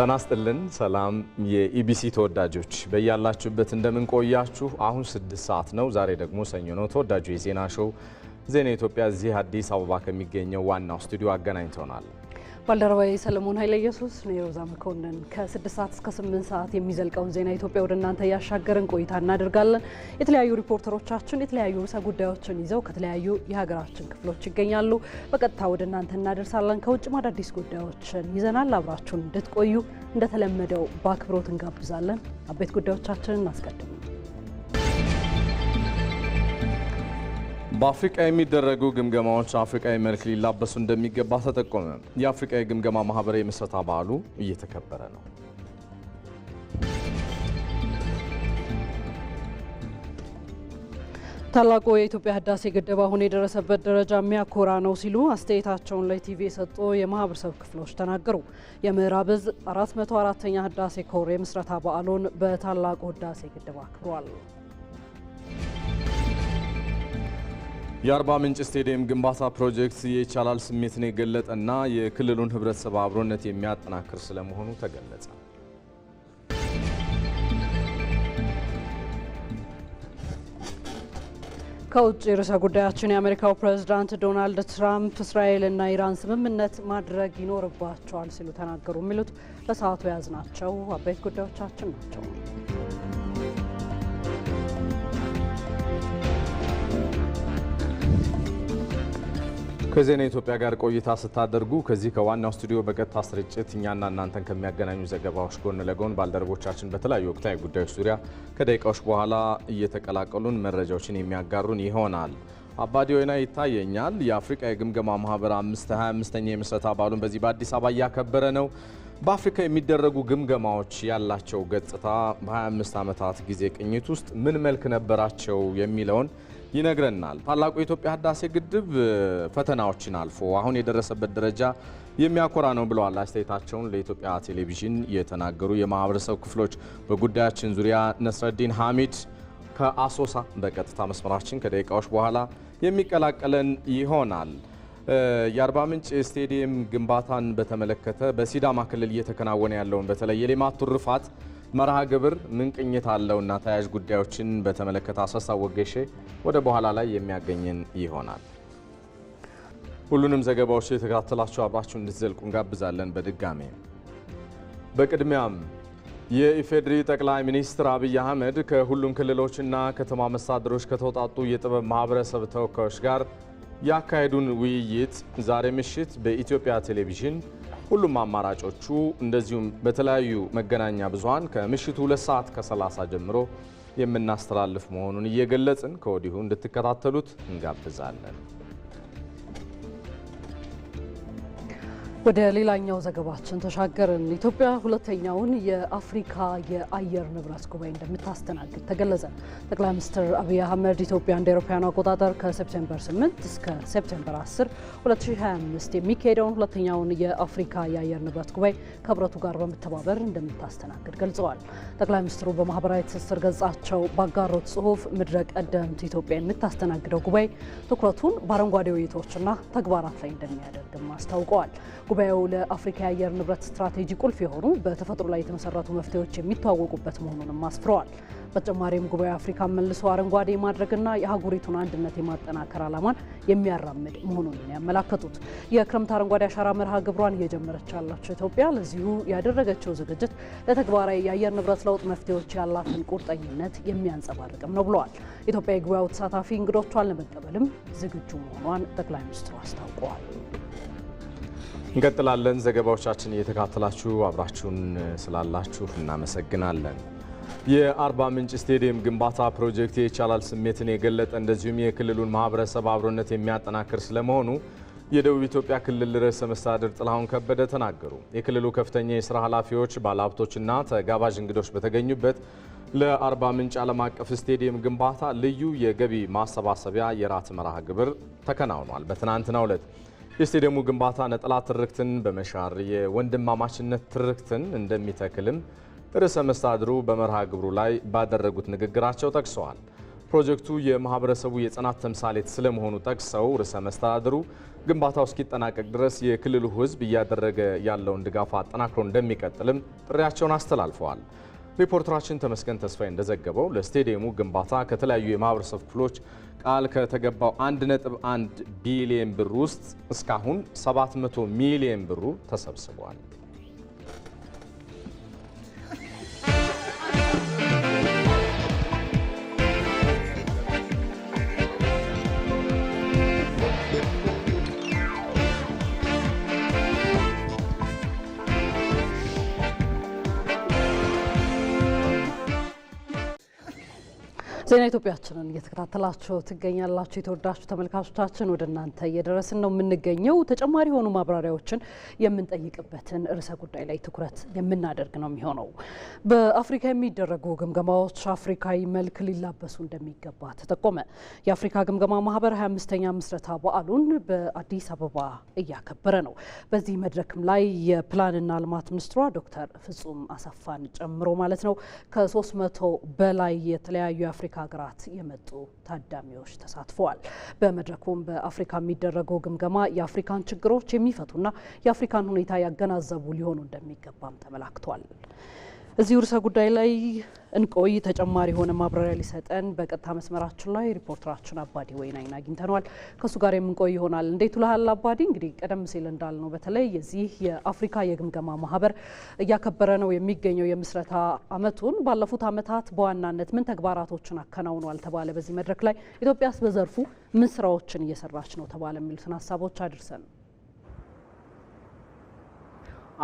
ጤና ይስጥልን። ሰላም የኢቢሲ ተወዳጆች በያላችሁበት እንደምን ቆያችሁ? አሁን ስድስት ሰዓት ነው። ዛሬ ደግሞ ሰኞ ነው። ተወዳጁ የዜና ሾው ዜና ኢትዮጵያ እዚህ አዲስ አበባ ከሚገኘው ዋናው ስቱዲዮ አገናኝተውናል። ባልደረባዊ ሰለሞን ኃይለ ኢየሱስ ነው። የሮዛ መኮንን ከስድስት ሰዓት እስከ ስምንት ሰዓት የሚዘልቀውን ዜና ኢትዮጵያ ወደ እናንተ እያሻገርን ቆይታ እናደርጋለን። የተለያዩ ሪፖርተሮቻችን የተለያዩ ርዕሰ ጉዳዮችን ይዘው ከተለያዩ የሀገራችን ክፍሎች ይገኛሉ። በቀጥታ ወደ እናንተ እናደርሳለን። ከውጭም አዳዲስ ጉዳዮችን ይዘናል። አብራችሁን እንድትቆዩ እንደተለመደው በአክብሮት እንጋብዛለን። አበይት ጉዳዮቻችንን እናስቀድም። በአፍሪቃ የሚደረጉ ግምገማዎች አፍሪቃዊ መልክ ሊላበሱ እንደሚገባ ተጠቆመ። የአፍሪቃ የግምገማ ማህበር የምስረታ በዓሉ እየተከበረ ነው። ታላቁ የኢትዮጵያ ህዳሴ ግድብ አሁን የደረሰበት ደረጃ የሚያኮራ ነው ሲሉ አስተያየታቸውን ለቲቪ የሰጡ የማህበረሰብ ክፍሎች ተናገሩ። የምዕራብ እዝ 404ኛ ህዳሴ ኮር የምስረታ በዓሉን በታላቁ ህዳሴ ግድብ አክብሯል። የአርባ ምንጭ ስቴዲየም ግንባታ ፕሮጀክት የይቻላል ስሜትን የገለጠና የክልሉን ህብረተሰብ አብሮነት የሚያጠናክር ስለመሆኑ ተገለጸ። ከውጭ ርዕሰ ጉዳያችን የአሜሪካው ፕሬዝዳንት ዶናልድ ትራምፕ እስራኤልና ኢራን ስምምነት ማድረግ ይኖርባቸዋል ሲሉ ተናገሩ። የሚሉት ለሰዓቱ የያዝናቸው አበይት ጉዳዮቻችን ናቸው። ከዜና ኢትዮጵያ ጋር ቆይታ ስታደርጉ ከዚህ ከዋናው ስቱዲዮ በቀጥታ ስርጭት እኛና እናንተን ከሚያገናኙ ዘገባዎች ጎን ለጎን ባልደረቦቻችን በተለያዩ ወቅታዊ ጉዳዮች ዙሪያ ከደቂቃዎች በኋላ እየተቀላቀሉን መረጃዎችን የሚያጋሩን ይሆናል። ወይና ይታየኛል የአፍሪካ የግምገማ ማህበር 25ኛ የምስረት አባሉን በዚህ በአዲስ አበባ እያከበረ ነው። በአፍሪካ የሚደረጉ ግምገማዎች ያላቸው ገጽታ በ25 ዓመታት ጊዜ ቅኝት ውስጥ ምን መልክ ነበራቸው የሚለውን ይነግረናል። ታላቁ የኢትዮጵያ ህዳሴ ግድብ ፈተናዎችን አልፎ አሁን የደረሰበት ደረጃ የሚያኮራ ነው ብለዋል። አስተያየታቸውን ለኢትዮጵያ ቴሌቪዥን የተናገሩ የማህበረሰብ ክፍሎች በጉዳያችን ዙሪያ ነስረዲን ሐሚድ ከአሶሳ በቀጥታ መስመራችን ከደቂቃዎች በኋላ የሚቀላቀለን ይሆናል። የአርባ ምንጭ ስቴዲየም ግንባታን በተመለከተ በሲዳማ ክልል እየተከናወነ ያለውን በተለይ የሌማት ትሩፋት መርሃ ግብር ምን ቅኝት አለውና ተያያዥ ጉዳዮችን በተመለከተ አሰሳ ወጌሼ ወደ በኋላ ላይ የሚያገኝን ይሆናል። ሁሉንም ዘገባዎች የተከታተላችሁ አብራችሁ እንድትዘልቁ እንጋብዛለን። በድጋሜ በቅድሚያም የኢፌዴሪ ጠቅላይ ሚኒስትር አብይ አህመድ ከሁሉም ክልሎችና ከተማ መስተዳድሮች ከተውጣጡ የጥበብ ማህበረሰብ ተወካዮች ጋር ያካሄዱን ውይይት ዛሬ ምሽት በኢትዮጵያ ቴሌቪዥን ሁሉም አማራጮቹ እንደዚሁም በተለያዩ መገናኛ ብዙሃን ከምሽቱ ሁለት ሰዓት ከ30 ጀምሮ የምናስተላልፍ መሆኑን እየገለጽን ከወዲሁ እንድትከታተሉት እንጋብዛለን። ወደ ሌላኛው ዘገባችን ተሻገርን። ኢትዮጵያ ሁለተኛውን የአፍሪካ የአየር ንብረት ጉባኤ እንደምታስተናግድ ተገለጸ። ጠቅላይ ሚኒስትር አብይ አህመድ ኢትዮጵያ እንደ አውሮፓውያኑ አቆጣጠር ከሴፕቴምበር 8 እስከ ሴፕቴምበር 10 2025 የሚካሄደውን ሁለተኛውን የአፍሪካ የአየር ንብረት ጉባኤ ከህብረቱ ጋር በመተባበር እንደምታስተናግድ ገልጸዋል። ጠቅላይ ሚኒስትሩ በማህበራዊ ትስስር ገጻቸው ባጋሩት ጽሁፍ ምድረ ቀደምት ኢትዮጵያ የምታስተናግደው ጉባኤ ትኩረቱን በአረንጓዴ ውይይቶችና ተግባራት ላይ እንደሚያደርግም አስታውቀዋል። ጉባኤው ለአፍሪካ የአየር ንብረት ስትራቴጂ ቁልፍ የሆኑ በተፈጥሮ ላይ የተመሰረቱ መፍትሄዎች የሚተዋወቁበት መሆኑንም አስፍረዋል። በተጨማሪም ጉባኤው አፍሪካን መልሶ አረንጓዴ የማድረግና የአህጉሪቱን አንድነት የማጠናከር ዓላማን የሚያራምድ መሆኑን ያመላከቱት የክረምት አረንጓዴ አሻራ መርሃ ግብሯን እየጀመረች ያላቸው ኢትዮጵያ ለዚሁ ያደረገችው ዝግጅት ለተግባራዊ የአየር ንብረት ለውጥ መፍትሄዎች ያላትን ቁርጠኝነት የሚያንጸባርቅም ነው ብለዋል። ኢትዮጵያ የጉባኤው ተሳታፊ እንግዶቿን ለመቀበልም ዝግጁ መሆኗን ጠቅላይ ሚኒስትሩ አስታውቀዋል። እንቀጥላለን። ዘገባዎቻችን እየተካተላችሁ አብራችሁን ስላላችሁ እናመሰግናለን። የአርባ ምንጭ ስቴዲየም ግንባታ ፕሮጀክት የይቻላል ስሜትን የገለጠ እንደዚሁም የክልሉን ማህበረሰብ አብሮነት የሚያጠናክር ስለመሆኑ የደቡብ ኢትዮጵያ ክልል ርዕሰ መስተዳድር ጥላሁን ከበደ ተናገሩ። የክልሉ ከፍተኛ የስራ ኃላፊዎች፣ ባለሀብቶችና ተጋባዥ እንግዶች በተገኙበት ለአርባ ምንጭ ዓለም አቀፍ ስቴዲየም ግንባታ ልዩ የገቢ ማሰባሰቢያ የራት መርሃ ግብር ተከናውኗል። በትናንትናው ዕለት የስቴዲየሙ ግንባታ ነጠላ ትርክትን በመሻር የወንድማማችነት ትርክትን እንደሚተክልም ርዕሰ መስተዳድሩ በመርሃ ግብሩ ላይ ባደረጉት ንግግራቸው ጠቅሰዋል። ፕሮጀክቱ የማህበረሰቡ የጽናት ተምሳሌት ስለመሆኑ ጠቅሰው ርዕሰ መስተዳድሩ ግንባታው እስኪጠናቀቅ ድረስ የክልሉ ሕዝብ እያደረገ ያለውን ድጋፍ አጠናክሮ እንደሚቀጥልም ጥሪያቸውን አስተላልፈዋል። ሪፖርተራችን ተመስገን ተስፋዬ እንደዘገበው ለስቴዲየሙ ግንባታ ከተለያዩ የማህበረሰብ ክፍሎች ቃል ከተገባው 1.1 ቢሊዮን ብር ውስጥ እስካሁን 700 ሚሊዮን ብሩ ተሰብስቧል። ዜና ኢትዮጵያችንን እየተከታተላችሁ ትገኛላችሁ። የተወዳችሁ ተመልካቾቻችን ወደ እናንተ እየደረስን ነው የምንገኘው። ተጨማሪ የሆኑ ማብራሪያዎችን የምንጠይቅበትን ርዕሰ ጉዳይ ላይ ትኩረት የምናደርግ ነው የሚሆነው። በአፍሪካ የሚደረጉ ግምገማዎች አፍሪካዊ መልክ ሊላበሱ እንደሚገባ ተጠቆመ። የአፍሪካ ግምገማ ማህበር 25ኛ ምስረታ በዓሉን በአዲስ አበባ እያከበረ ነው። በዚህ መድረክም ላይ የፕላንና ልማት ሚኒስትሯ ዶክተር ፍጹም አሰፋን ጨምሮ ማለት ነው ከ300 በላይ የተለያዩ የአፍሪካ ሀገራት የመጡ ታዳሚዎች ተሳትፈዋል። በመድረኩም በአፍሪካ የሚደረገው ግምገማ የአፍሪካን ችግሮች የሚፈቱና የአፍሪካን ሁኔታ ያገናዘቡ ሊሆኑ እንደሚገባም ተመላክቷል። እዚሁ ርዕሰ ጉዳይ ላይ እንቆይ። ተጨማሪ የሆነ ማብራሪያ ሊሰጠን በቀጥታ መስመራችን ላይ ሪፖርተራችን አባዲ ወይናይን አግኝተነዋል። ከእሱ ጋር የምንቆይ ይሆናል። እንዴት ውለሃል አባዲ? እንግዲህ ቀደም ሲል እንዳልነው በተለይ የዚህ የአፍሪካ የግምገማ ማህበር እያከበረ ነው የሚገኘው የምስረታ አመቱን። ባለፉት አመታት በዋናነት ምን ተግባራቶችን አከናውኗል ተባለ? በዚህ መድረክ ላይ ኢትዮጵያስ በዘርፉ ምን ስራዎችን እየሰራች ነው ተባለ? የሚሉትን ሀሳቦች አድርሰን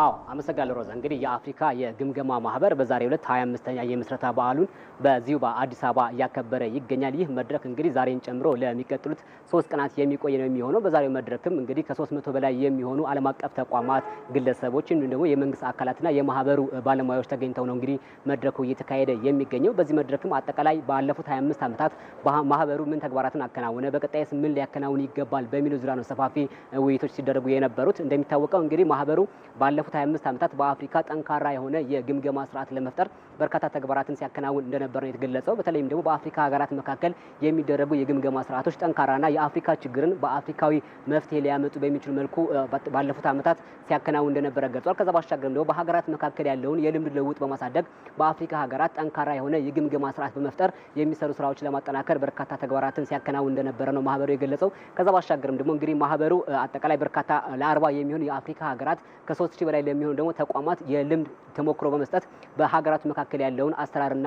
አዎ አመሰግናለሁ ሮዛ። እንግዲህ የአፍሪካ የግምገማ ማህበር በዛሬው ዕለት 25ኛ የምስረታ በዓሉን በዚሁ በአዲስ አበባ እያከበረ ይገኛል። ይህ መድረክ እንግዲህ ዛሬን ጨምሮ ለሚቀጥሉት ሶስት ቀናት የሚቆይ ነው የሚሆነው። በዛሬው መድረክም እንግዲህ ከ300 በላይ የሚሆኑ ዓለም አቀፍ ተቋማት፣ ግለሰቦች እንዲሁም ደግሞ የመንግስት አካላትና የማህበሩ ባለሙያዎች ተገኝተው ነው እንግዲህ መድረኩ እየተካሄደ የሚገኘው። በዚህ መድረክም አጠቃላይ ባለፉት 25 ዓመታት ማህበሩ ምን ተግባራትን አከናወነ፣ በቀጣይስ ምን ሊያከናውን ይገባል በሚሉ ዙሪያ ነው ሰፋፊ ውይይቶች ሲደረጉ የነበሩት። እንደሚታወቀው እንግዲህ ማህበሩ ባለፉት 25 ዓመታት በአፍሪካ ጠንካራ የሆነ የግምገማ ስርዓት ለመፍጠር በርካታ ተግባራትን ሲያከናውን እንደነበር ነው የተገለጸው። በተለይም ደግሞ በአፍሪካ ሀገራት መካከል የሚደረጉ የግምገማ ስርዓቶች ጠንካራና የአፍሪካ ችግርን በአፍሪካዊ መፍትሄ ሊያመጡ በሚችል መልኩ ባለፉት ዓመታት ሲያከናውን እንደነበረ ገልጿል። ከዛ ባሻገርም ደግሞ በሀገራት መካከል ያለውን የልምድ ልውውጥ በማሳደግ በአፍሪካ ሀገራት ጠንካራ የሆነ የግምገማ ስርዓት በመፍጠር የሚሰሩ ስራዎች ለማጠናከር በርካታ ተግባራትን ሲያከናውን እንደነበረ ነው ማህበሩ የገለጸው። ከዛ ባሻገርም ደግሞ እንግዲህ ማህበሩ አጠቃላይ በርካታ ለአርባ የሚሆኑ የአፍሪካ ሀገራት ከሶስት በላይ ለሚሆኑ ደግሞ ተቋማት የልምድ ተሞክሮ በመስጠት በሀገራት መካከል ያለውን አሰራርና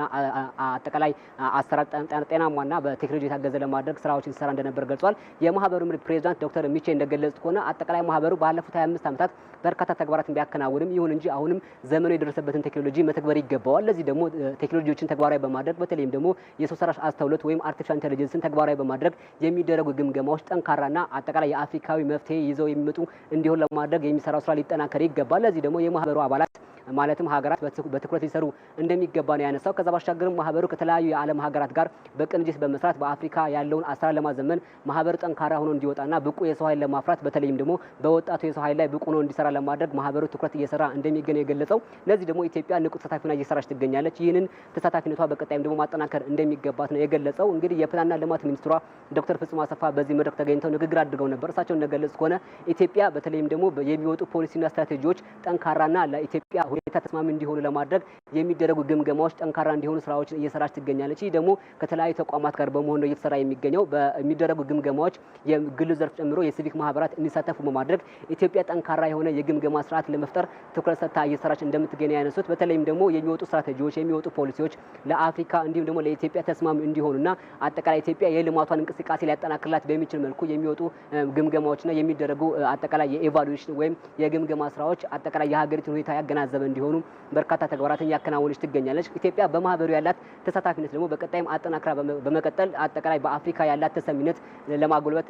አጠቃላይ አሰራር ጤናማና በቴክኖሎጂ የታገዘ ለማድረግ ስራዎችን ሲሰራ እንደነበር ገልጿል። የማህበሩ ምክትል ፕሬዚዳንት ዶክተር ሚቼ እንደገለጹት ከሆነ አጠቃላይ ማህበሩ ባለፉት 25 ዓመታት በርካታ ተግባራትን ቢያከናውንም ይሁን እንጂ አሁንም ዘመኑ የደረሰበትን ቴክኖሎጂ መተግበር ይገባዋል። ለዚህ ደግሞ ቴክኖሎጂዎችን ተግባራዊ በማድረግ በተለይም ደግሞ የሰው ሰራሽ አስተውሎት ወይም አርቲፊሻል ኢንቴሊጀንስን ተግባራዊ በማድረግ የሚደረጉ ግምገማዎች ጠንካራና አጠቃላይ የአፍሪካዊ መፍትሄ ይዘው የሚመጡ እንዲሆን ለማድረግ የሚሰራው ስራ ሊጠናከር ይገባል። ይገባል። ለዚህ ደግሞ የማህበሩ አባላት ማለትም ሀገራት በትኩረት ሊሰሩ እንደሚገባ ነው ያነሳው። ከዛ ባሻገርም ማህበሩ ከተለያዩ የዓለም ሀገራት ጋር በቅንጅት በመስራት በአፍሪካ ያለውን አሰራር ለማዘመን ማህበሩ ጠንካራ ሆኖ እንዲወጣና ብቁ የሰው ኃይል ለማፍራት በተለይም ደግሞ በወጣቱ የሰው ኃይል ላይ ብቁ ሆኖ እንዲሰራ ለማድረግ ማህበሩ ትኩረት እየሰራ እንደሚገኝ የገለጸው፣ ለዚህ ደግሞ ኢትዮጵያ ንቁ ተሳታፊና እየሰራች ትገኛለች። ይህንን ተሳታፊነቷ በቀጣይም ደግሞ ማጠናከር እንደሚገባት ነው የገለጸው። እንግዲህ የፕላንና ልማት ሚኒስትሯ ዶክተር ፍጹም አሰፋ በዚህ መድረክ ተገኝተው ንግግር አድርገው ነበር። እሳቸው እንደገለጹ ከሆነ ኢትዮጵያ በተለይም ደግሞ የሚወጡ ፖሊሲና ስትራቴጂዎች ጠንካራና ለኢትዮጵያ ሁኔታ ተስማሚ እንዲሆኑ ለማድረግ የሚደረጉ ግምገማዎች ጠንካራ እንዲሆኑ ስራዎችን እየሰራች ትገኛለች። ይህ ደግሞ ከተለያዩ ተቋማት ጋር በመሆን ነው እየተሰራ የሚገኘው። በሚደረጉ ግምገማዎች የግሉ ዘርፍ ጨምሮ የሲቪክ ማህበራት እንዲሳተፉ በማድረግ ኢትዮጵያ ጠንካራ የሆነ የግምገማ ስርዓት ለመፍጠር ትኩረት ሰጥታ እየሰራች እንደምትገኝ ያነሱት በተለይም ደግሞ የሚወጡ ስትራቴጂዎች የሚወጡ ፖሊሲዎች ለአፍሪካ እንዲሁም ደግሞ ለኢትዮጵያ ተስማሚ እንዲሆኑና አጠቃላይ ኢትዮጵያ የልማቷን እንቅስቃሴ ሊያጠናክርላት በሚችል መልኩ የሚወጡ ግምገማዎችና የሚደረጉ አጠቃላይ የኤቫሉዌሽን ወይም የግምገማ ስራዎች አጠቃላይ የሀገሪቱን ሁኔታ ያገናዘበ የተገደበ እንዲሆኑ በርካታ ተግባራትን ያከናወነች ትገኛለች። ኢትዮጵያ በማህበሩ ያላት ተሳታፊነት ደግሞ በቀጣይም አጠናክራ በመቀጠል አጠቃላይ በአፍሪካ ያላት ተሰሚነት ለማጎልበት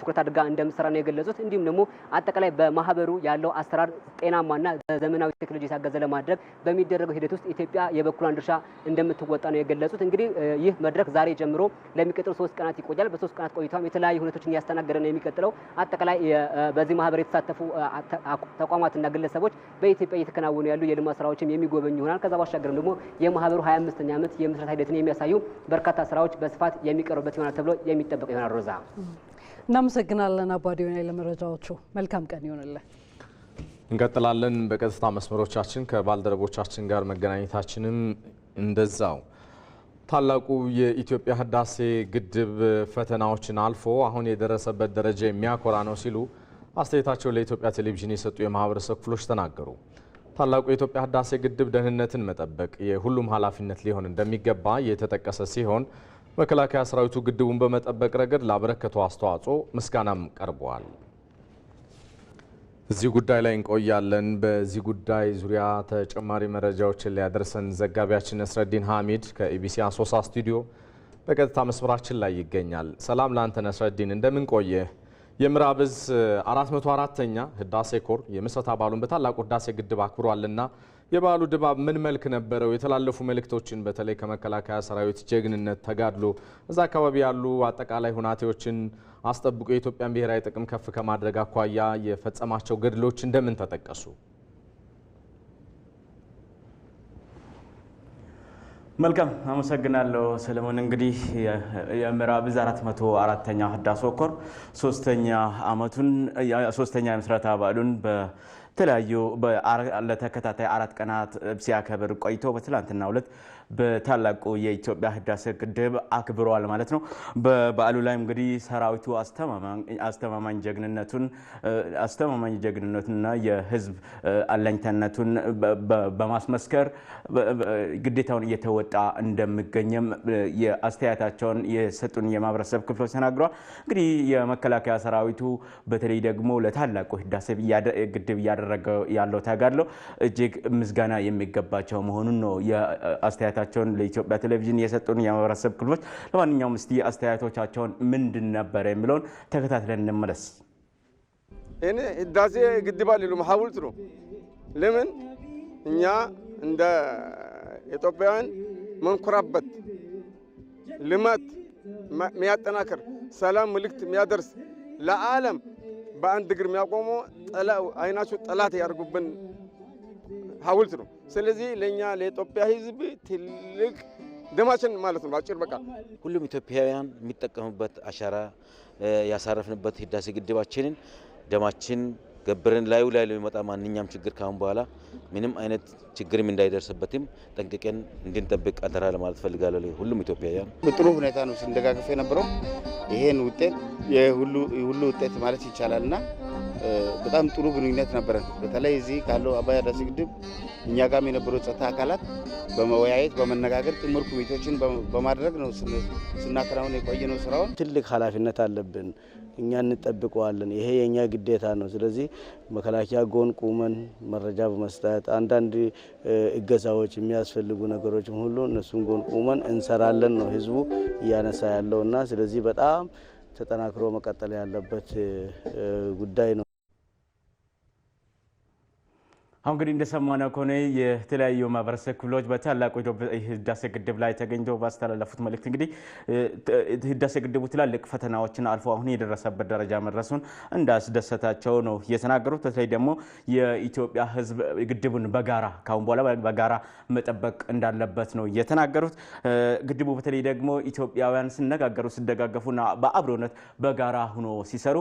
ትኩረት አድርጋ እንደምትሰራ ነው የገለጹት። እንዲሁም ደግሞ አጠቃላይ በማህበሩ ያለው አሰራር ጤናማና በዘመናዊ ቴክኖሎጂ የታገዘ ለማድረግ በሚደረገው ሂደት ውስጥ ኢትዮጵያ የበኩሏን ድርሻ እንደምትወጣ ነው የገለጹት። እንግዲህ ይህ መድረክ ዛሬ ጀምሮ ለሚቀጥሉ ሶስት ቀናት ይቆያል። በሶስት ቀናት ቆይታም የተለያዩ ሁነቶችን እያስተናገደ ነው የሚቀጥለው። አጠቃላይ በዚህ ማህበር የተሳተፉ ተቋማትና ግለሰቦች በኢትዮጵያ እየተከናወ እየተከናወኑ ያሉ የልማት ስራዎችም የሚጎበኙ ይሆናል። ከዛ ባሻገርም ደግሞ የማህበሩ 25ኛ ዓመት የምስረታ ሂደትን የሚያሳዩ በርካታ ስራዎች በስፋት የሚቀርቡበት ይሆናል ተብሎ የሚጠበቅ ይሆናል። ሮዛ እናመሰግናለን። አባዲ ሆና ለመረጃዎቹ መልካም ቀን ይሆንልን። እንቀጥላለን። በቀጥታ መስመሮቻችን ከባልደረቦቻችን ጋር መገናኘታችንም እንደዛው ታላቁ የኢትዮጵያ ህዳሴ ግድብ ፈተናዎችን አልፎ አሁን የደረሰበት ደረጃ የሚያኮራ ነው ሲሉ አስተያየታቸው ለኢትዮጵያ ቴሌቪዥን የሰጡ የማህበረሰብ ክፍሎች ተናገሩ። ታላቁ የኢትዮጵያ ህዳሴ ግድብ ደህንነትን መጠበቅ የሁሉም ኃላፊነት ሊሆን እንደሚገባ የተጠቀሰ ሲሆን መከላከያ ሰራዊቱ ግድቡን በመጠበቅ ረገድ ላበረከተው አስተዋጽኦ ምስጋናም ቀርበዋል። እዚህ ጉዳይ ላይ እንቆያለን። በዚህ ጉዳይ ዙሪያ ተጨማሪ መረጃዎችን ሊያደርሰን ዘጋቢያችን ነስረዲን ሀሚድ ከኢቢሲ አሶሳ ስቱዲዮ በቀጥታ መስመራችን ላይ ይገኛል። ሰላም ለአንተ ነስረዲን፣ እንደምን የምዕራብ ዕዝ 404ኛ ህዳሴ ኮር የምስረታ በዓሉን በታላቁ ህዳሴ ግድብ አክብሯልና የበዓሉ ድባብ ምን መልክ ነበረው? የተላለፉ መልእክቶችን በተለይ ከመከላከያ ሰራዊት ጀግንነት፣ ተጋድሎ እዛ አካባቢ ያሉ አጠቃላይ ሁናቴዎችን አስጠብቆ የኢትዮጵያን ብሔራዊ ጥቅም ከፍ ከማድረግ አኳያ የፈጸማቸው ገድሎች እንደምን ተጠቀሱ? መልካም አመሰግናለሁ ሰለሞን። እንግዲህ የምዕራብ ዕዝ 404ኛ ህዳሴ ኮር ሶስተኛ ዓመቱን ሶስተኛ የምስረታ በዓሉን በተለያዩ ለተከታታይ አራት ቀናት ሲያከብር ቆይቶ በትላንትና ሁለት በታላቁ የኢትዮጵያ ህዳሴ ግድብ አክብረዋል ማለት ነው። በበዓሉ ላይ እንግዲህ ሰራዊቱ አስተማማኝ ጀግንነቱን አስተማማኝ ጀግንነቱንና የህዝብ አለኝታነቱን በማስመስከር ግዴታውን እየተወጣ እንደሚገኝም የአስተያየታቸውን የሰጡን የማህበረሰብ ክፍሎች ተናግረዋል። እንግዲህ የመከላከያ ሰራዊቱ በተለይ ደግሞ ለታላቁ ህዳሴ ግድብ እያደረገ ያለው ተጋድሎ እጅግ ምስጋና የሚገባቸው መሆኑን ነው የአስተያየታ አስተያየታቸውን ለኢትዮጵያ ቴሌቪዥን የሰጡን የማህበረሰብ ክፍሎች፣ ለማንኛውም እስቲ አስተያየቶቻቸውን ምንድን ነበረ የሚለውን ተከታትለን እንመለስ። እኔ ህዳሴ ግድብ አይደሉም ሀውልት ነው። ለምን እኛ እንደ ኢትዮጵያውያን መንኮራበት ልማት የሚያጠናክር ሰላም ምልክት የሚያደርስ ለዓለም በአንድ እግር የሚያቆመው አይናቸው ጠላት ያደርጉብን ሀውልት ነው። ስለዚህ ለእኛ ለኢትዮጵያ ህዝብ ትልቅ ደማችን ማለት ነው። አጭር በቃ ሁሉም ኢትዮጵያውያን የሚጠቀሙበት አሻራ ያሳረፍንበት ህዳሴ ግድባችንን ደማችን ገብረን ላዩ ላይ ለሚመጣ ማንኛውም ችግር ካሁን በኋላ ምንም አይነት ችግርም እንዳይደርስበትም ጠንቅቀን እንድንጠብቅ አደራ ለማለት ፈልጋለሁ። ሁሉም ኢትዮጵያውያን በጥሩ ሁኔታ ነው ስንደጋገፍ የነበረው ይሄን ውጤት የሁሉ ውጤት ማለት ይቻላልና በጣም ጥሩ ግንኙነት ነበረን። በተለይ እዚህ ካለው አባይ ህዳሴ ግድብ እኛ ጋም የነበሩ ጸጥታ አካላት በመወያየት በመነጋገር ጥምር ኮሚቴዎችን በማድረግ ነው ስናከናውን የቆየነው ስራውን። ትልቅ ኃላፊነት አለብን። እኛ እንጠብቀዋለን። ይሄ የእኛ ግዴታ ነው። ስለዚህ መከላከያ ጎን ቁመን መረጃ በመስጠት አንዳንድ እገዛዎች የሚያስፈልጉ ነገሮች ሁሉ እነሱን ጎን ቁመን እንሰራለን ነው ህዝቡ እያነሳ ያለው እና ስለዚህ በጣም ተጠናክሮ መቀጠል ያለበት ጉዳይ ነው። አሁን እንግዲህ እንደሰማነው ከሆነ የተለያዩ ማህበረሰብ ክፍሎች በታላቁ ህዳሴ ግድብ ላይ ተገኝተው ባስተላለፉት መልእክት እንግዲህ ህዳሴ ግድቡ ትላልቅ ፈተናዎችን አልፎ አሁን የደረሰበት ደረጃ መድረሱን እንዳስደሰታቸው ነው የተናገሩት። በተለይ ደግሞ የኢትዮጵያ ህዝብ ግድቡን በጋራ ካሁን በኋላ በጋራ መጠበቅ እንዳለበት ነው የተናገሩት። ግድቡ በተለይ ደግሞ ኢትዮጵያውያን ሲነጋገሩ፣ ሲደጋገፉና በአብሮነት በጋራ ሁኖ ሲሰሩ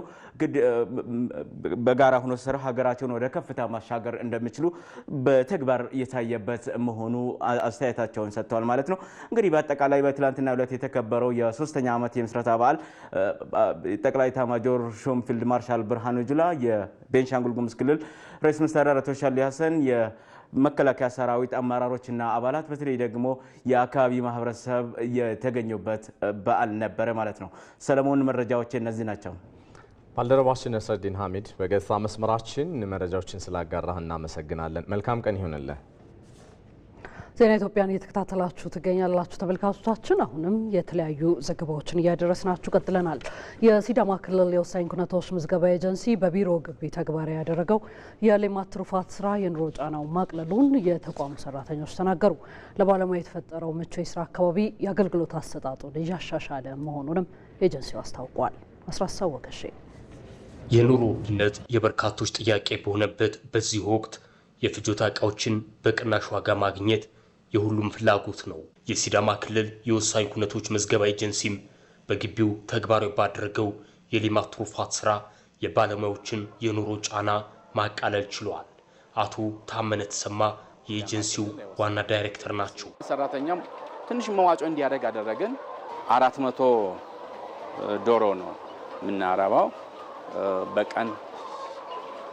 በጋራ ሁኖ ሲሰሩ ሀገራቸውን ወደ ከፍታ ማሻገር እንደሚችል እንደሚችሉ በተግባር የታየበት መሆኑ አስተያየታቸውን ሰጥተዋል ማለት ነው። እንግዲህ በአጠቃላይ በትላንትና ዕለት የተከበረው የሶስተኛ ዓመት የምስረታ በዓል ጠቅላይ ኤታማዦር ሹም ፊልድ ማርሻል ብርሃኑ ጁላ፣ የቤንሻንጉል ጉሙዝ ክልል ርዕሰ መስተዳድር አቶ ሻሊ ሀሰን መከላከያ ሰራዊት አመራሮችና አባላት በተለይ ደግሞ የአካባቢ ማህበረሰብ የተገኙበት በዓል ነበረ ማለት ነው። ሰለሞን መረጃዎች እነዚህ ናቸው። ባልደረባችን ነስረዲን ሀሚድ በገዛ መስመራችን መረጃዎችን ስላጋራህ እናመሰግናለን። መልካም ቀን ይሆንልህ። ዜና ኢትዮጵያን እየተከታተላችሁ ትገኛላችሁ ተመልካቾቻችን። አሁንም የተለያዩ ዘገባዎችን እያደረስናችሁ ቀጥለናል። የሲዳማ ክልል የወሳኝ ኩነቶች ምዝገባ ኤጀንሲ በቢሮ ግቢ ተግባራዊ ያደረገው የሌማት ትሩፋት ስራ የኑሮ ጫናው ማቅለሉን የተቋሙ ሰራተኞች ተናገሩ። ለባለሙያ የተፈጠረው ምቹ የስራ አካባቢ የአገልግሎት አሰጣጡን እያሻሻለ መሆኑንም ኤጀንሲው አስታውቋል። አስራሳው ወገሼ የኑሮ ውድነት የበርካቶች ጥያቄ በሆነበት በዚህ ወቅት የፍጆታ ዕቃዎችን በቅናሽ ዋጋ ማግኘት የሁሉም ፍላጎት ነው። የሲዳማ ክልል የወሳኝ ኩነቶች መዝገባ ኤጀንሲም በግቢው ተግባራዊ ባደረገው የሌማት ትሩፋት ሥራ የባለሙያዎችን የኑሮ ጫና ማቃለል ችሏል። አቶ ታመነ ተሰማ የኤጀንሲው ዋና ዳይሬክተር ናቸው። ሰራተኛም ትንሽ መዋጮ እንዲያደርግ አደረግን። አራት መቶ ዶሮ ነው የምናረባው በቀን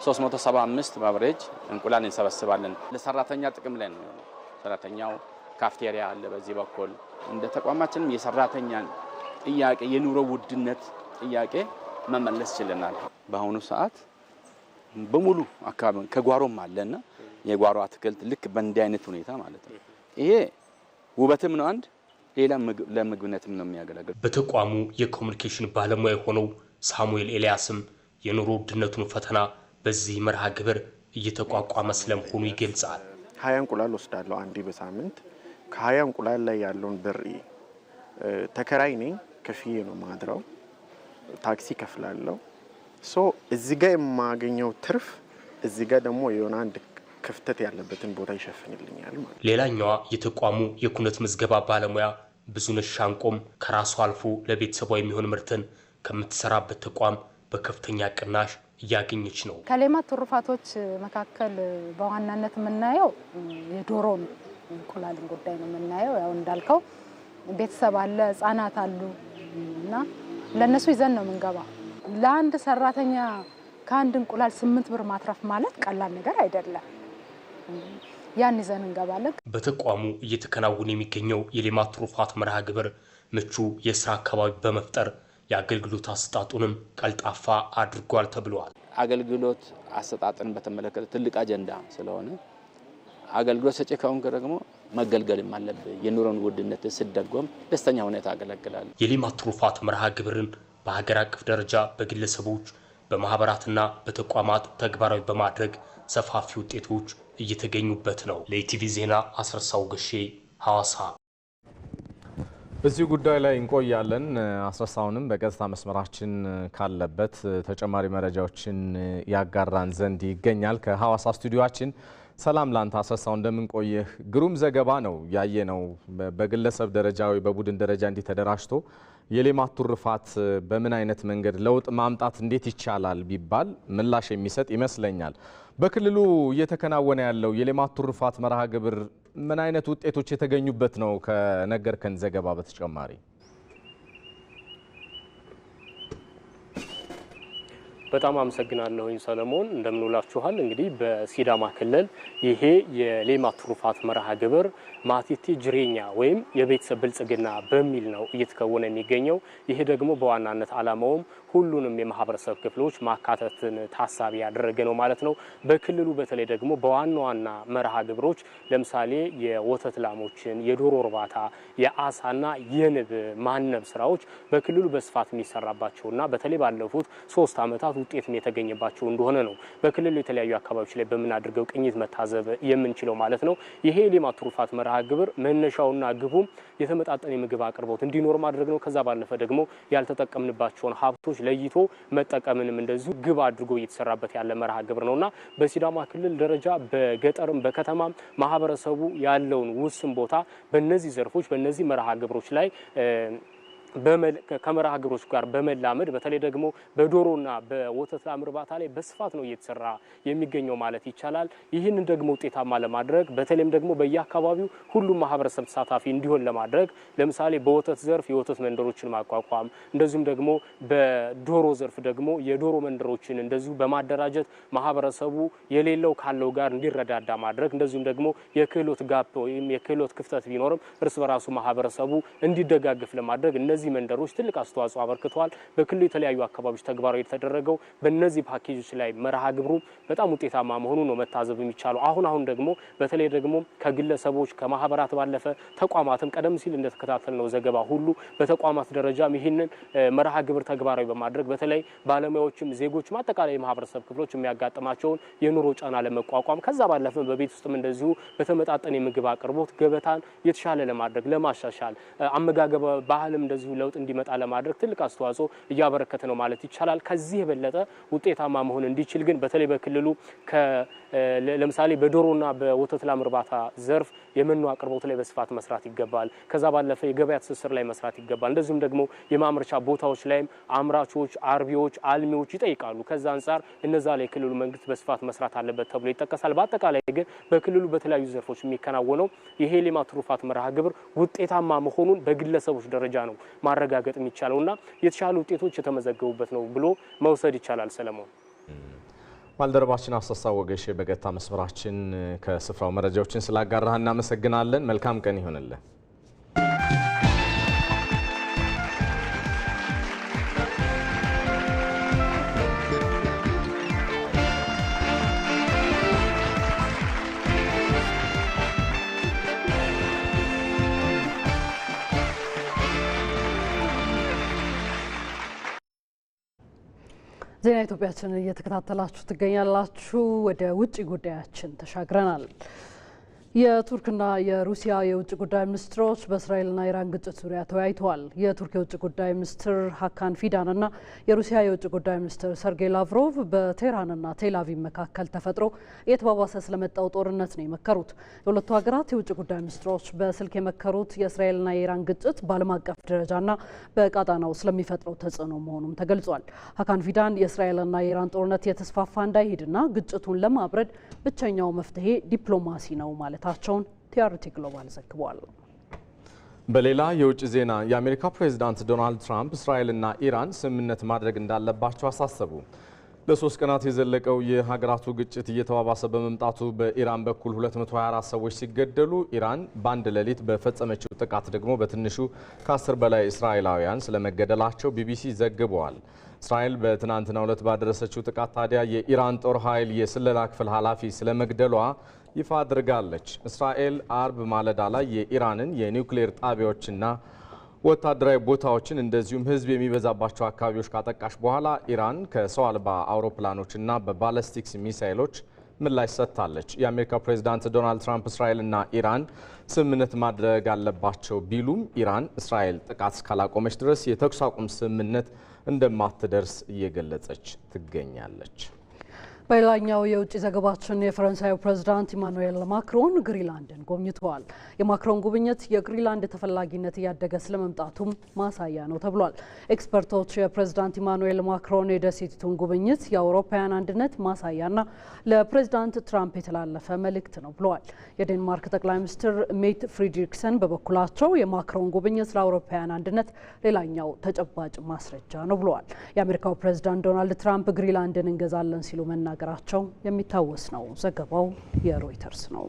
375 ማብሬጅ እንቁላል እንሰበስባለን። ለሰራተኛ ጥቅም ላይ ነው ሰራተኛው ካፍቴሪያ አለ። በዚህ በኩል እንደ ተቋማችንም የሰራተኛን ጥያቄ የኑሮ ውድነት ጥያቄ መመለስ ችለናል። በአሁኑ ሰዓት በሙሉ አካባቢ ከጓሮም አለና የጓሮ አትክልት ልክ በእንዲህ አይነት ሁኔታ ማለት ነው። ይሄ ውበትም ነው አንድ ሌላ ለምግብነትም ነው የሚያገለግል። በተቋሙ የኮሚኒኬሽን ባለሙያ የሆነው ሳሙኤል ኤልያስም የኑሮ ውድነቱን ፈተና በዚህ መርሃ ግብር እየተቋቋመ ስለመሆኑ ይገልጻል። ሀያ እንቁላል ወስዳለሁ አንዴ በሳምንት ከሀያ እንቁላል ላይ ያለውን ብር ተከራይ ነኝ ከፍዬ ነው ማድረው ታክሲ ከፍላለሁ። ሶ እዚህ ጋ የማገኘው ትርፍ እዚህ ጋ ደግሞ የሆነ አንድ ክፍተት ያለበትን ቦታ ይሸፍንልኛል ማለት። ሌላኛዋ የተቋሙ የኩነት ምዝገባ ባለሙያ ብዙነሽ ሻንቆም ከራሱ አልፎ ለቤተሰቧ የሚሆን ምርትን ከምትሰራበት ተቋም በከፍተኛ ቅናሽ እያገኘች ነው። ከሌማት ትሩፋቶች መካከል በዋናነት የምናየው የዶሮን እንቁላልን ጉዳይ ነው የምናየው። ያው እንዳልከው ቤተሰብ አለ፣ ህጻናት አሉ እና ለእነሱ ይዘን ነው የምንገባ። ለአንድ ሰራተኛ ከአንድ እንቁላል ስምንት ብር ማትረፍ ማለት ቀላል ነገር አይደለም። ያን ይዘን እንገባለን። በተቋሙ እየተከናወነ የሚገኘው የሌማት ትሩፋት መርሃ ግብር ምቹ የስራ አካባቢ በመፍጠር የአገልግሎት አሰጣጡንም ቀልጣፋ አድርጓል ተብለዋል። አገልግሎት አሰጣጥን በተመለከተ ትልቅ አጀንዳ ስለሆነ አገልግሎት ሰጪ ከሆንክ ደግሞ መገልገልም አለብ የኑሮን ውድነት ስደጎም ደስተኛ ሁኔታ ያገለግላል። የሌማት ትሩፋት መርሃ ግብርን በሀገር አቀፍ ደረጃ በግለሰቦች በማህበራትና በተቋማት ተግባራዊ በማድረግ ሰፋፊ ውጤቶች እየተገኙበት ነው። ለኢቲቪ ዜና አስረሳው ገሼ ሐዋሳ በዚህ ጉዳይ ላይ እንቆያለን። አስረሳውንም በቀጥታ መስመራችን ካለበት ተጨማሪ መረጃዎችን ያጋራን ዘንድ ይገኛል። ከሐዋሳ ስቱዲዮችን ሰላም ላንተ አስረሳው፣ እንደምንቆየህ። ግሩም ዘገባ ነው ያየ ነው። በግለሰብ ደረጃ ወይ በቡድን ደረጃ እንዲህ ተደራጅቶ የሌማት ትሩፋት በምን አይነት መንገድ ለውጥ ማምጣት እንዴት ይቻላል ቢባል ምላሽ የሚሰጥ ይመስለኛል። በክልሉ እየተከናወነ ያለው የሌማት ትሩፋት መርሃ ግብር ምን አይነት ውጤቶች የተገኙበት ነው? ከነገርከን ዘገባ በተጨማሪ በጣም አመሰግናለሁኝ ሰለሞን። እንደምንውላችኋል። እንግዲህ በሲዳማ ክልል ይሄ የሌማት ትሩፋት መርሃ ግብር ማቲቲ ጅሬኛ ወይም የቤተሰብ ብልጽግና በሚል ነው እየተከወነ የሚገኘው። ይሄ ደግሞ በዋናነት አላማውም ሁሉንም የማህበረሰብ ክፍሎች ማካተትን ታሳቢ ያደረገ ነው ማለት ነው። በክልሉ በተለይ ደግሞ በዋና ዋና መርሃ ግብሮች ለምሳሌ የወተት ላሞችን፣ የዶሮ እርባታ፣ የአሳና የንብ ማነብ ስራዎች በክልሉ በስፋት የሚሰራባቸውና በተለይ ባለፉት ሶስት ዓመታት ውጤትም የተገኘባቸው እንደሆነ ነው በክልሉ የተለያዩ አካባቢዎች ላይ በምናደርገው ቅኝት መታዘብ የምንችለው ማለት ነው። ይሄ የሌማት ትሩፋት መርሃ ግብር መነሻውና ግቡም የተመጣጠነ የምግብ አቅርቦት እንዲኖር ማድረግ ነው። ከዛ ባለፈ ደግሞ ያልተጠቀምንባቸውን ሀብቶች ለይቶ መጠቀምንም እንደዚሁ ግብ አድርጎ እየተሰራበት ያለ መርሃ ግብር እና በሲዳማ ክልል ደረጃ በገጠርም በከተማም ማህበረሰቡ ያለውን ውስን ቦታ በነዚህ ዘርፎች በነዚህ መርሃ ግብሮች ላይ ከመርሃ ግብሮች ጋር በመላመድ በተለይ ደግሞ በዶሮና በወተት ላም እርባታ ላይ በስፋት ነው እየተሰራ የሚገኘው ማለት ይቻላል። ይህንን ደግሞ ውጤታማ ለማድረግ በተለይም ደግሞ በየአካባቢው ሁሉም ማህበረሰብ ተሳታፊ እንዲሆን ለማድረግ ለምሳሌ በወተት ዘርፍ የወተት መንደሮችን ማቋቋም እንደዚሁም ደግሞ በዶሮ ዘርፍ ደግሞ የዶሮ መንደሮችን እንደዚሁ በማደራጀት ማህበረሰቡ የሌለው ካለው ጋር እንዲረዳዳ ማድረግ እንደዚሁም ደግሞ የክህሎት ጋፕ ወይም የክህሎት ክፍተት ቢኖርም እርስ በራሱ ማህበረሰቡ እንዲደጋግፍ ለማድረግ እነዚህ ለእነዚህ መንደሮች ትልቅ አስተዋጽኦ አበርክተዋል። በክልሉ የተለያዩ አካባቢዎች ተግባራዊ የተደረገው በነዚህ ፓኬጆች ላይ መርሃ ግብሩ በጣም ውጤታማ መሆኑ ነው መታዘብ የሚቻለው። አሁን አሁን ደግሞ በተለይ ደግሞ ከግለሰቦች ከማህበራት ባለፈ ተቋማትም ቀደም ሲል እንደተከታተል ነው ዘገባ ሁሉ በተቋማት ደረጃም ይህንን መርሃ ግብር ተግባራዊ በማድረግ በተለይ ባለሙያዎችም ዜጎችም አጠቃላይ የማህበረሰብ ክፍሎች የሚያጋጥማቸውን የኑሮ ጫና ለመቋቋም ከዛ ባለፈ በቤት ውስጥም እንደዚሁ በተመጣጠነ የምግብ አቅርቦት ገበታን የተሻለ ለማድረግ ለማሻሻል አመጋገብ ባህልም እንደዚሁ ለውጥ እንዲመጣ ለማድረግ ትልቅ አስተዋጽኦ እያበረከተ ነው ማለት ይቻላል። ከዚህ የበለጠ ውጤታማ መሆን እንዲችል ግን በተለይ በክልሉ ለምሳሌ በዶሮና በወተት ላም እርባታ ዘርፍ የመኖ አቅርቦት ላይ በስፋት መስራት ይገባል። ከዛ ባለፈ የገበያ ትስስር ላይ መስራት ይገባል። እንደዚሁም ደግሞ የማምረቻ ቦታዎች ላይም አምራቾች፣ አርቢዎች፣ አልሚዎች ይጠይቃሉ። ከዛ አንጻር እነዛ ላይ የክልሉ መንግስት በስፋት መስራት አለበት ተብሎ ይጠቀሳል። በአጠቃላይ ግን በክልሉ በተለያዩ ዘርፎች የሚከናወነው የሄሌማ ትሩፋት መርሃ ግብር ውጤታማ መሆኑን በግለሰቦች ደረጃ ነው ማረጋገጥ የሚቻለው እና የተሻሉ ውጤቶች የተመዘገቡበት ነው ብሎ መውሰድ ይቻላል። ሰለሞን ባልደረባችን አሳሳ ወገሼ በቀጥታ መስመራችን ከስፍራው መረጃዎችን ስላጋራህ እናመሰግናለን። መልካም ቀን ይሆንልን። ዜና ኢትዮጵያችንን እየተከታተላችሁ ትገኛላችሁ። ወደ ውጭ ጉዳያችን ተሻግረናል። የቱርክና የሩሲያ የውጭ ጉዳይ ሚኒስትሮች በእስራኤልና ኢራን ግጭት ዙሪያ ተወያይተዋል። የቱርክ የውጭ ጉዳይ ሚኒስትር ሀካን ፊዳንና የሩሲያ የውጭ ጉዳይ ሚኒስትር ሰርጌይ ላቭሮቭ በቴህራንና ቴልአቪቭ መካከል ተፈጥሮ እየተባባሰ ስለመጣው ጦርነት ነው የመከሩት። የሁለቱ ሀገራት የውጭ ጉዳይ ሚኒስትሮች በስልክ የመከሩት የእስራኤልና የኢራን ግጭት በዓለም አቀፍ ደረጃና በቀጣናው ስለሚፈጥረው ተጽዕኖ መሆኑም ተገልጿል። ሀካን ፊዳን የእስራኤልና የኢራን ጦርነት የተስፋፋ እንዳይሄድና ግጭቱን ለማብረድ ብቸኛው መፍትሄ ዲፕሎማሲ ነው ማለት ማበርከታቸውን ቲአርቲ ግሎባል ዘግቧል። በሌላ የውጭ ዜና የአሜሪካ ፕሬዚዳንት ዶናልድ ትራምፕ እስራኤልና ኢራን ስምምነት ማድረግ እንዳለባቸው አሳሰቡ። ለሶስት ቀናት የዘለቀው የሀገራቱ ግጭት እየተባባሰ በመምጣቱ በኢራን በኩል 224 ሰዎች ሲገደሉ ኢራን በአንድ ሌሊት በፈጸመችው ጥቃት ደግሞ በትንሹ ከ10 በላይ እስራኤላውያን ስለመገደላቸው ቢቢሲ ዘግበዋል። እስራኤል በትናንትናው ዕለት ባደረሰችው ጥቃት ታዲያ የኢራን ጦር ኃይል የስለላ ክፍል ኃላፊ ስለመግደሏ ይፋ አድርጋለች። እስራኤል አርብ ማለዳ ላይ የኢራንን የኒውክሌር ጣቢያዎችና ወታደራዊ ቦታዎችን እንደዚሁም ህዝብ የሚበዛባቸው አካባቢዎች ካጠቃሽ በኋላ ኢራን ከሰው አልባ አውሮፕላኖችና በባለስቲክስ ሚሳይሎች ምላሽ ሰጥታለች። የአሜሪካ ፕሬዚዳንት ዶናልድ ትራምፕ እስራኤልና ኢራን ስምምነት ማድረግ አለባቸው ቢሉም ኢራን እስራኤል ጥቃት እስካላቆመች ድረስ የተኩስ አቁም ስምምነት እንደማትደርስ እየገለጸች ትገኛለች። በሌላኛው የውጭ ዘገባችን የፈረንሳዩ ፕሬዝዳንት ኢማኑኤል ማክሮን ግሪንላንድን ጎብኝተዋል። የማክሮን ጉብኝት የግሪንላንድ ተፈላጊነት እያደገ ስለመምጣቱም ማሳያ ነው ተብሏል። ኤክስፐርቶች የፕሬዝዳንት ኢማኑኤል ማክሮን የደሴቲቱን ጉብኝት የአውሮፓውያን አንድነት ማሳያና ለፕሬዝዳንት ትራምፕ የተላለፈ መልእክት ነው ብለዋል። የዴንማርክ ጠቅላይ ሚኒስትር ሜት ፍሪድሪክሰን በበኩላቸው የማክሮን ጉብኝት ለአውሮፓውያን አንድነት ሌላኛው ተጨባጭ ማስረጃ ነው ብለዋል። የአሜሪካው ፕሬዝዳንት ዶናልድ ትራምፕ ግሪንላንድን እንገዛለን ሲሉ መና መናገራቸው የሚታወስ ነው። ዘገባው የሮይተርስ ነው።